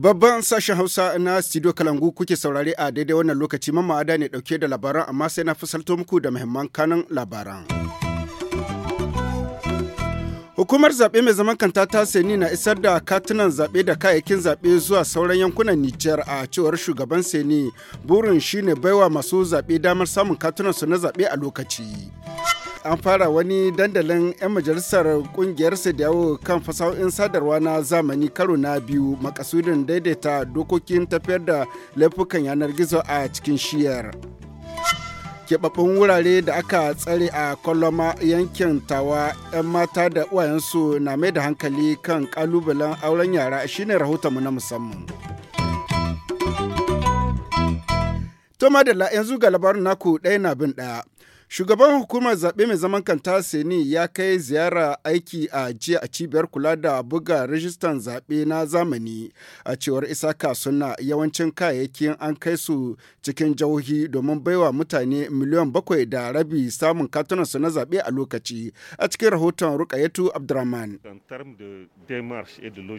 Babban sashen Hausa na studio Kalangu kuke saurare a daidai wannan lokaci mamma ada ne dauke da labaran amma sai na fusalto muku da muhimman kanan labaran. Hukumar zaɓe mai zaman kanta ta Seni na isar da katunan zaɓe da kayayyakin zaɓe zuwa sauran yankunan Nijar a cewar shugaban Seni. Burin shine baiwa masu zaɓe damar samun katunan su na zaɓe a lokaci. An fara wani dandalin 'yan majalisar kungiyar yawo kan fasahohin sadarwa na zamani karo na biyu makasudin daidaita dokokin tafiyar da laifukan yanar gizo a cikin shiyar. keɓaɓɓun wurare da aka tsare a koloma yankin tawa 'yan mata da uwayensu na mai da hankali kan ƙalubalen auren yara shine rahotonmu na musamman. Toma da yanzu ga labarin naku ɗaya na bin ɗaya. Shugaban hukumar zaɓe mai zaman kanta Seni ya kai ziyara aiki a jiya a cibiyar kula da buga rijistan zaɓe na zamani a cewar Isaka suna yawancin kayayyakin an kai su cikin jauhi domin baiwa mutane miliyan bakwai da rabi samun katunansu na zaɓe a lokaci a cikin rahoton Rukayatu Abdurrahman.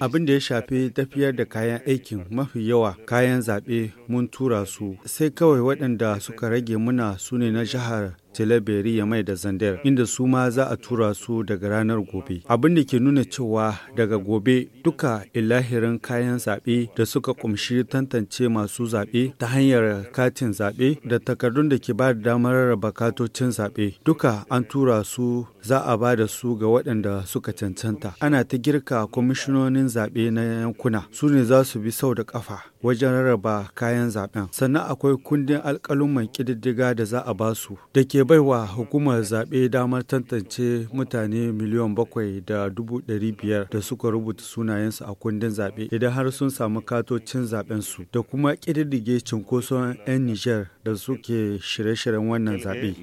Abin da ya shafi tafiyar da kayan aikin mafi yawa kayan zaɓe mun tura su sai kawai waɗanda suka rage muna su ne na jihar Tilaberi mai da Zandar inda su ma za a tura su daga ranar gobe. Abin da ke nuna cewa daga gobe duka ilahirin kayan zaɓe da suka kumshi tantance masu zaɓe ta hanyar katin zaɓe da takardun da ke ba da damar rarraba katocin zaɓe duka an tura su za a ba da su ga waɗanda suka cancanta. Ana ta girka kwamishinonin zaɓe na yankuna su ne za su bi sau da ƙafa wajen rarraba kayan zaɓen. Sannan akwai kundin alƙalumman ƙididdiga da za a ba su da ke ke baiwa hukumar zaɓe damar tantance mutane miliyan bakwai da dubu ɗari biyar da suka rubuta sunayensu a kundin zaɓe idan har sun samu katocin zaɓensu da kuma ƙididdige cinkoson 'yan Nijar da suke shirye-shiryen wannan zaɓe.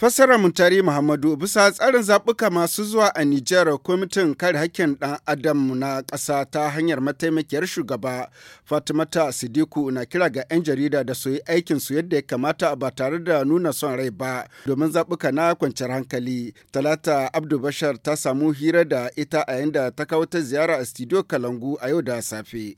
Fassara Muntari Muhammadu bisa tsarin zaɓuka masu zuwa a Nijar kwamitin kare hakkin ɗan adam na ƙasa ta hanyar mataimakiyar shugaba Fatimata Sidiku na kira ga 'yan jarida da su yi aikin su yadda ya kamata ba tare da nuna son rai ba domin zaɓuka na kwanciyar hankali. Talata Abdu Bashar ta samu hira da ita a yanda ta kawo ta ziyara a Studio Kalangu a yau da safe.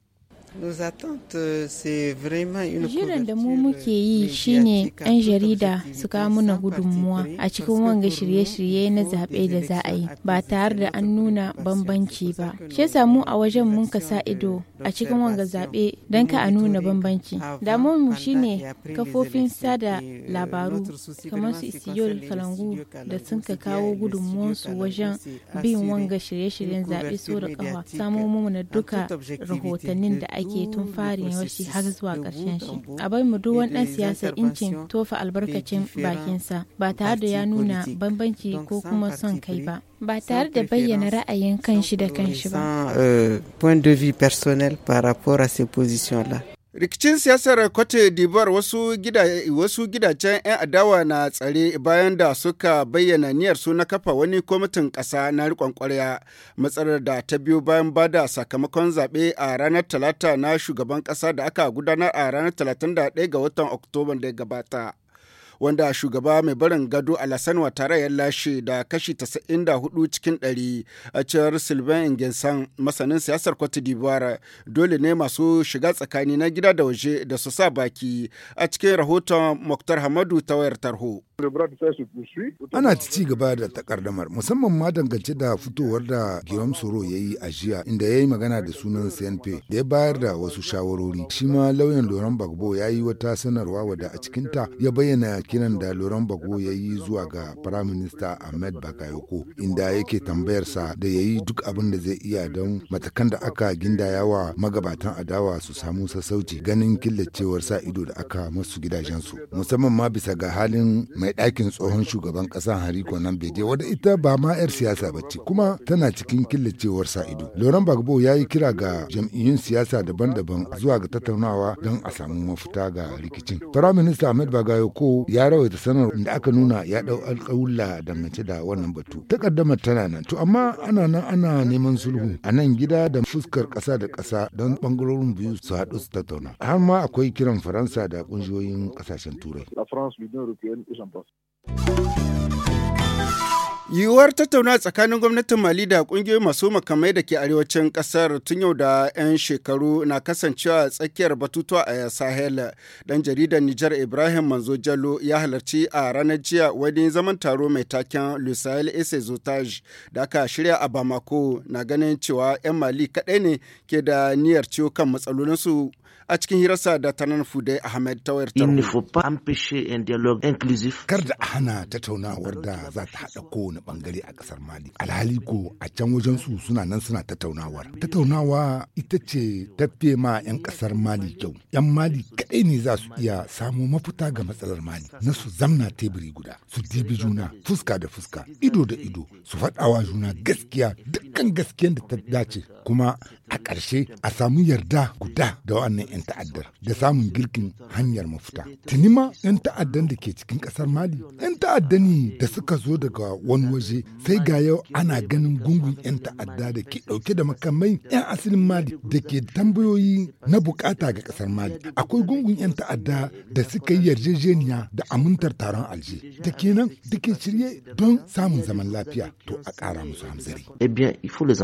Jiran euh, da mu muke yi shine 'yan jarida su muna gudunmuwa a cikin wanga shirye-shirye na zaɓe da za a yi ba tare da an nuna bambanci ba. Shi samu a wajen mun ka sa ido a cikin wanga zaɓe don ka a nuna bambanci. Damuwarmu shine kafofin sada euh, labaru kamar su isiyol kalangu da sun ka kawo gudunmuwansu wajen bin wanga shirye-shiryen zaɓe so da samo mu duka rahotannin da ake tun farin shi har zuwa ƙarshen shi a bai mu duk wani ɗan siyasar incin tofa albarkacin bakinsa ba tare da ya nuna bambanci ko kuma son kai ba ba tare da bayyana ra'ayin kanshi da kanshi ba euh, rikicin siyasar cote d'ivoire wasu gidajen 'yan adawa na tsare bayan da suka bayyana niyyar su na kafa wani kwamitin ƙasa na riƙon ƙwarya matsalar da ta biyo bayan ba da sakamakon zaɓe a ranar talata na shugaban ƙasa da aka gudanar a ranar 31 ga watan oktoba da gabata wanda shugaba mai barin gado alasan watara ya lashe da kashi 94 cikin 100 a cewar sylvain ingensan masanin siyasar cote d'ivoire dole ne masu shiga tsakani na gida da waje da su sa baki a cikin rahoton muktar hamadu ta wayar tarho Ana ci gaba da takardamar musamman ma dangance da fitowar da Guillaume Soro ya yi a jiya inda ya yi magana da sunan CNP da ya bayar da wasu shawarori. Shi ma lauyan Laurent Gbagbo ya yi wata sanarwa wadda a cikinta ya bayyana kiran da Laurent Gbagbo ya yi zuwa ga Firaminista Ahmed Bakayoko inda yake tambayarsa da ya yi duk abin da zai iya don matakan da aka gindaya wa magabatan adawa su samu sassauci ganin killacewar sa ido da aka masu gidajensu musamman ma bisa ga halin mai mai ɗakin tsohon shugaban ƙasa Hari Konan Bede wadda ita ba ma 'yar siyasa ba ce kuma tana cikin killacewar sa ido. Laurent Gbagbo ya yi kira ga jam'iyyun siyasa daban-daban zuwa ga tattaunawa don a samu mafita ga rikicin. Firaminista Ahmed Bagayoko ya rawaita sanar da aka nuna ya ɗau alƙawulla dangance da wannan batu. Takaddamar tana nan to amma ana nan ana neman sulhu a nan gida da fuskar ƙasa da ƙasa don ɓangarorin biyu su haɗu su tattauna. Har ma akwai kiran Faransa da ƙungiyoyin ƙasashen Turai. La Yiwuwar tattauna tsakanin gwamnatin Mali da kungiyoyin masu makamai da ke arewacin kasar tun yau da 'yan shekaru na kasancewa tsakiyar batutuwa a Sahel. Dan jaridar Nijar Ibrahim Manzo Jallo ya halarci a ranar jiya wani zaman taro mai taken Lusail Ese Zotaj da aka shirya a Bamako na ganin cewa 'yan Mali kaɗai ne ke da niyyar ciwo kan matsalolinsu a cikin hirarsa da tanan Fude Ahmed dialog wayar Kar da hana tattaunawar da za ta haɗa kowane bangare a ƙasar Mali. Alhali ko a can wajen su suna nan suna tattaunawar. Tattaunawa ita ce tafiye ma 'yan ƙasar Mali kyau. 'Yan Mali kaɗai ne za su iya samo mafita ga matsalar Mali na su zamna teburi guda, su dibi juna fuska da fuska, ido da ido, su faɗawa juna gaskiya dukkan gaskiyan da ta dace kuma a ƙarshe a samu yarda guda da wannan 'yan ta'addar da samun girkin hanyar mafuta Tuni 'yan ta'addan da ke cikin ƙasar Mali, 'yan ta'adda ne da suka zo daga wani waje sai ga yau ana ganin gungun 'yan ta'adda da ke ɗauke da makamai 'yan asalin Mali da ke tambayoyi na bukata ga ƙasar Mali. Akwai gungun 'yan ta'adda da suka yi yarjejeniya da amintar taron Alje. Da kenan da ke shirye don samun zaman lafiya to a ƙara musu hamzari. Eh bien, il faut les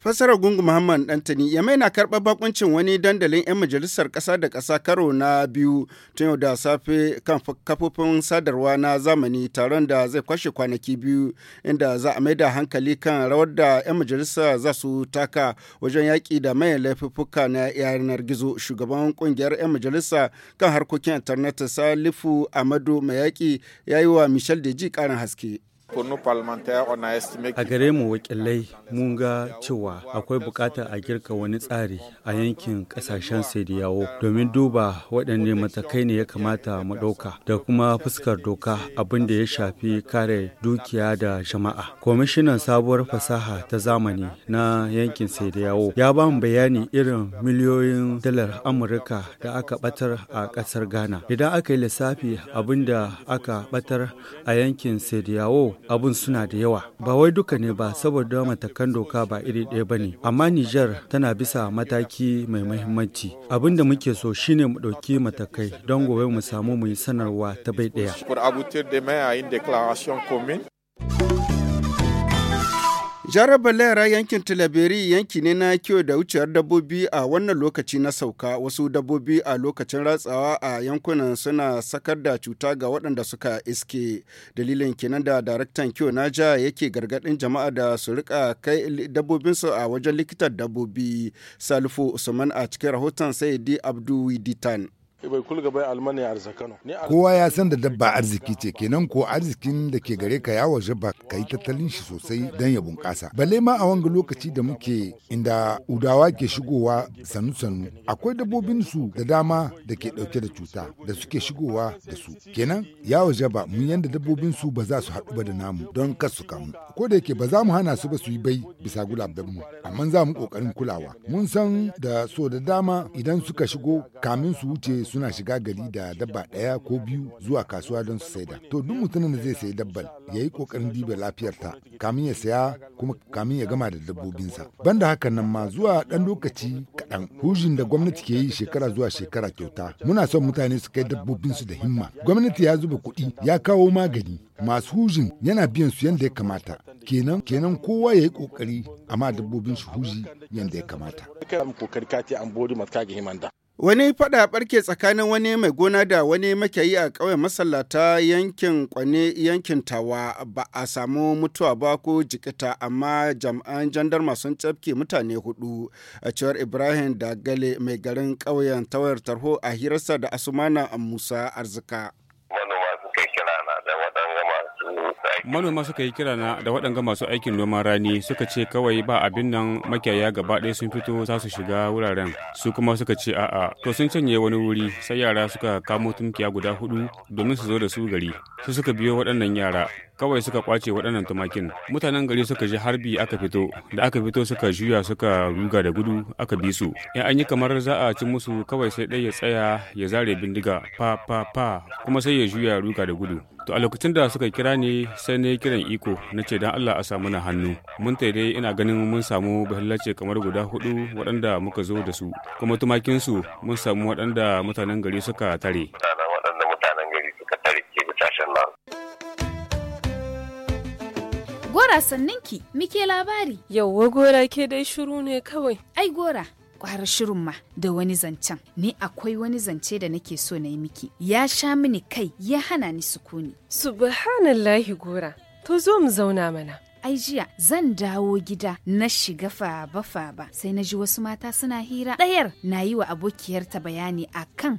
Fassarar Gungu Muhammad Dantani Yamai na karɓar bakuncin wani dandalin 'yan majalisar ƙasa da ƙasa karo na biyu tun yau da safe kan kafofin sadarwa na zamani taron da zai kwashe kwanaki biyu inda za a maida hankali kan rawar da 'yan majalisa za su taka wajen yaƙi da mai laifuffuka na yanar gizo shugaban ƙungiyar 'yan majalisa kan harkokin intanet Salifu Amadu Mayaki ya yi wa Michel Deji ƙarin haske. A gare mu wakilai mun ga cewa akwai bukatar a girka wani tsari a yankin kasashen sediyawo domin duba waɗanne matakai ne ya kamata mu ɗauka da kuma fuskar doka abin da ya shafi kare dukiya da jama'a. Kwamishinan sabuwar fasaha ta zamani na yankin sediyawo ya ba mu bayani irin miliyoyin dalar Amurka da aka batar a ƙasar Ghana. Idan aka yi lissafi abin da aka batar a yankin sediyawo abun suna da yawa ba wai duka ne ba saboda matakan doka ba iri ɗaya ba ne amma Nijar tana bisa mataki mai mahimmanci abin da muke so shine mu ɗauki matakai don gobe mu samu mu yi sanarwa ta bai ɗaya. Jarabar Balera yankin Tilaberi yanki ne na kiwo da wucewar dabbobi a wannan lokaci na sauka wasu dabbobi a lokacin ratsawa a yankunan suna sakar da cuta ga waɗanda suka iske. Dalilin kenan da daraktan kiwo na ja yake gargaɗin jama'a da su rika kai dabbobinsu a wajen likitan dabbobi. Salifu Usman a cikin rahoton Sayyidi Abdu Widitan. Kowa ya san da dabba arziki ce kenan ko arzikin da ke gare ka yawo jaba ka yi tattalin shi sosai don ya bunƙasa. Balle ma a wanga lokaci da muke inda udawa ke shigowa sanu-sanu akwai dabbobin su da dama da ke ɗauke da cuta da suke shigowa da su. Kenan yawo jaba mun yanda dabbobin su ba za su haɗu ba da namu don kar su kamu. Ko da yake ba za mu hana su ba su yi bai bisa da mu amma za mu ƙoƙarin kulawa. Mun san da so da dama idan suka shigo kamin su wuce suna shiga gari da dabba ɗaya ko biyu zuwa kasuwa don su saida. To duk mutumin da zai sayi dabbal ya yi kokarin diba lafiyarta kamin ya saya kuma kamin ya gama da dabbobinsa. Banda hakan nan ma zuwa ɗan lokaci kaɗan hujin da gwamnati ke yi shekara zuwa shekara kyauta. Muna son mutane su kai dabbobinsu da himma. Gwamnati ya zuba kuɗi ya kawo magani masu hujin yana biyan su yadda ya kamata kenan kenan kowa ya yi kokari amma dabbobin su huji yadda ya kamata Wani fada barke tsakanin wani mai gona da wani makiyayi a ƙauyen masallata yankin kwane yankin tawa ba a samu mutuwa ba ko jikita amma jam'an jandarma sun cafke mutane hudu a cewar Ibrahim da gale mai garin ƙauyen tawayar tarho a hirarsa da Asumana Musa Arzika. manoma suka yi kira na da waɗanga masu aikin noman rani suka ce kawai ba abin nan makiyaya gaba ɗaya sun fito za su shiga wuraren su kuma suka ce a'a to sun canye wani wuri sai yara suka kamo tunkiya guda hudu domin su zo da su gari su suka biyo waɗannan yara kawai suka kwace waɗannan tumakin mutanen gari suka ji harbi aka fito da aka fito suka juya suka ruga da gudu aka bi su in an yi kamar za a ci musu kawai sai ɗaya ya tsaya ya zare bindiga pa pa pa kuma sai ya juya ruga da gudu To a lokacin da suka kira ni sai na yi kiran iko na ce don Allah a samu na hannu. Mun dai ina ganin mun samu bahallace kamar guda hudu waɗanda muka zo da su. Kuma tumakinsu mun samu waɗanda mutanen gari suka tare. Gora sanninki, muke labari. Yauwa gora ke dai shiru ne kawai. Ai gora, kwara shirin ma da wani zancen ni akwai wani zance da nake so na yi miki ya sha mini kai ya hana ni sukuni subhanallahi gora to zo mu zauna mana ai jiya zan dawo gida na shiga faba-faba sai na ji wasu mata suna hira ɗayar na yi wa abokiyarta bayani akan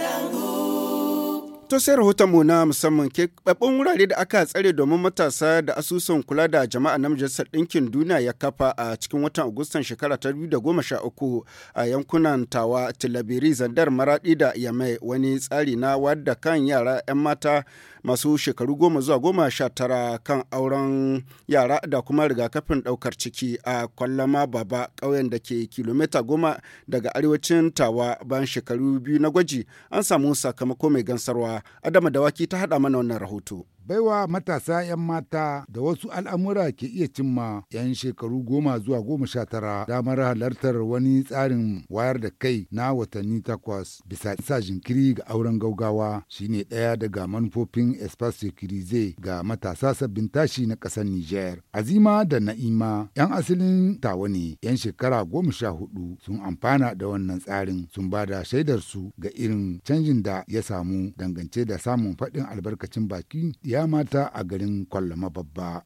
To sai mu na musamman ke babban wurare da aka tsare domin matasa da asusun kula da jama'a na Majalisar Ɗinkin Duniya ya kafa a cikin watan Agustan shekara ta uku a yankunan Tawa, Tilabiri, Zandar, Maraɗi da Yamai wani tsari na wadda kan yara 'yan mata masu shekaru goma zuwa goma sha tara kan auren yara da kuma rigakafin ɗaukar ciki a Kwallama Baba kauyen da ke kilomita goma daga arewacin Tawa bayan shekaru biyu na gwaji an samu sakamako mai gansarwa. Adama Dawaki ta haɗa mana wannan rahoto. baiwa matasa 'yan mata da wasu al'amura ke iya cimma 'yan shekaru goma zuwa goma sha tara damar halartar wani tsarin wayar da kai na watanni takwas bisa sa jinkiri ga auren gaugawa shine ɗaya daga manufofin espace crise ga matasa sabbin tashi na ƙasar niger azima da na'ima 'yan asalin tawa ne 'yan shekara goma sha hudu sun amfana da wannan tsarin sun ba da shaidar ga irin canjin da ya samu dangance da samun faɗin albarkacin baki ya mata a garin kwallama babba.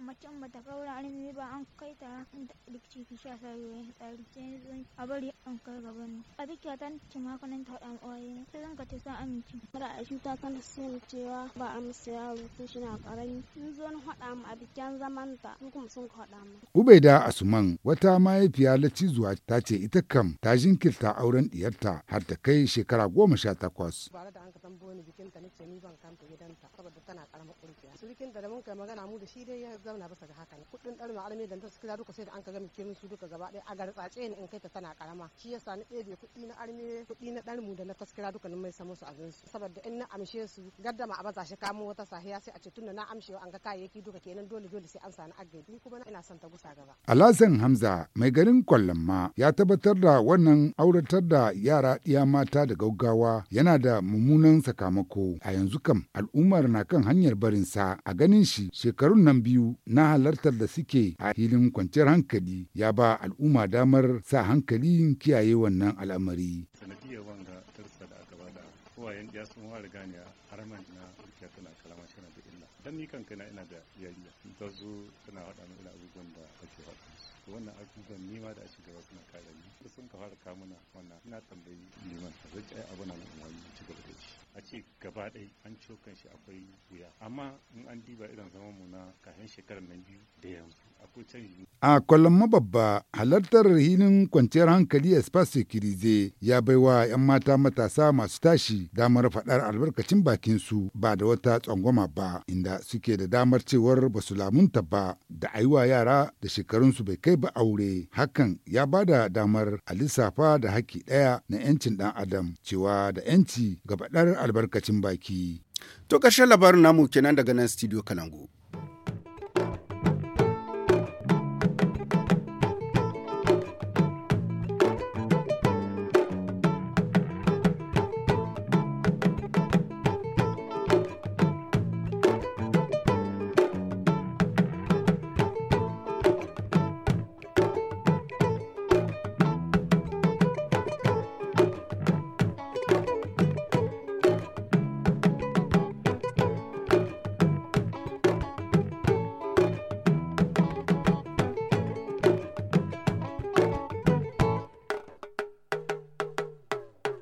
macen bata kaura an ne ba an kai ta rikici ki sha sai yoyin tsari sai a bari an kai gaban a dukiya ta ce makanin ta dan oye sai zan ka ce san aminci mara a ta kan sun cewa ba a musu yaro tun shi na karami sun zo na hada a bikin zaman ta kuma sun hada mu Ubaida Asuman wata mahaifiya lacizuwa ta ce ita kam ta jinkirta auren diyarta har ta kai shekara goma sha takwas. Ba da surikinta nace ni ban kanta gidanta saboda tana karamar kurkiya surikinta da mun kai magana mu da shi dai ya zauna bisa ga haka ne kudin dar ma arme da ta suka duka sai da an ka gami kirin su duka gaba ɗaya a garzace ni in kai ta tana karama shi yasa ni ɗebe kudi na arme kudi na dar mu da na taskira duka nan mai samu su a su saboda in na amshe su gaddama a baza shi kamo wata sahiya sai a ce tunda na amshewa an ga kayayyaki duka kenan dole dole sai an sani agbe ni kuma ina son ta gusa gaba alhassan hamza mai garin ma ya tabbatar da wannan auratar da yara iya mata da gaggawa yana da mummunan sakamako farko a yanzu kam al'ummar na kan hanyar barin sa a ganin shi shekarun nan biyu na halartar da suke a filin kwanciyar hankali ya ba al'umma damar sa hankalin kiyaye wannan al'amari. sanadiyar wanga tarsa da aka bada kowayen ya sun fara gane haramanta na tana dan ni kanka na ina da yariya in ta zo tana haɗa mu ina abubuwan da ake haɗa to wannan abubuwan ni ma da ake gaba suna kare ni da sun ka fara ka muna wannan ina tambayi liman zai ai abu na mun wani ci gaba da shi a ce gaba ɗaya an ciwo kan shi akwai wuya amma in an diba irin zaman mu na kafin shekarar nan biyu da yanzu A kwallon mababba halartar hilin kwanciyar hankali Espace Kirize ya baiwa 'yan mata matasa masu tashi damar faɗar albarkacin bakinsu ba da wata tsangwama ba inda suke da damar cewar ba su lamunta ba da aiwa yara da shekarunsu bai kai ba aure. Hakan ya ba da damar a lissafa da haƙƙi ɗaya na 'yancin ɗan adam cewa da 'yanci ga faɗar albarkacin baki. To ƙarshen labarin namu kenan daga nan studio Kalangu.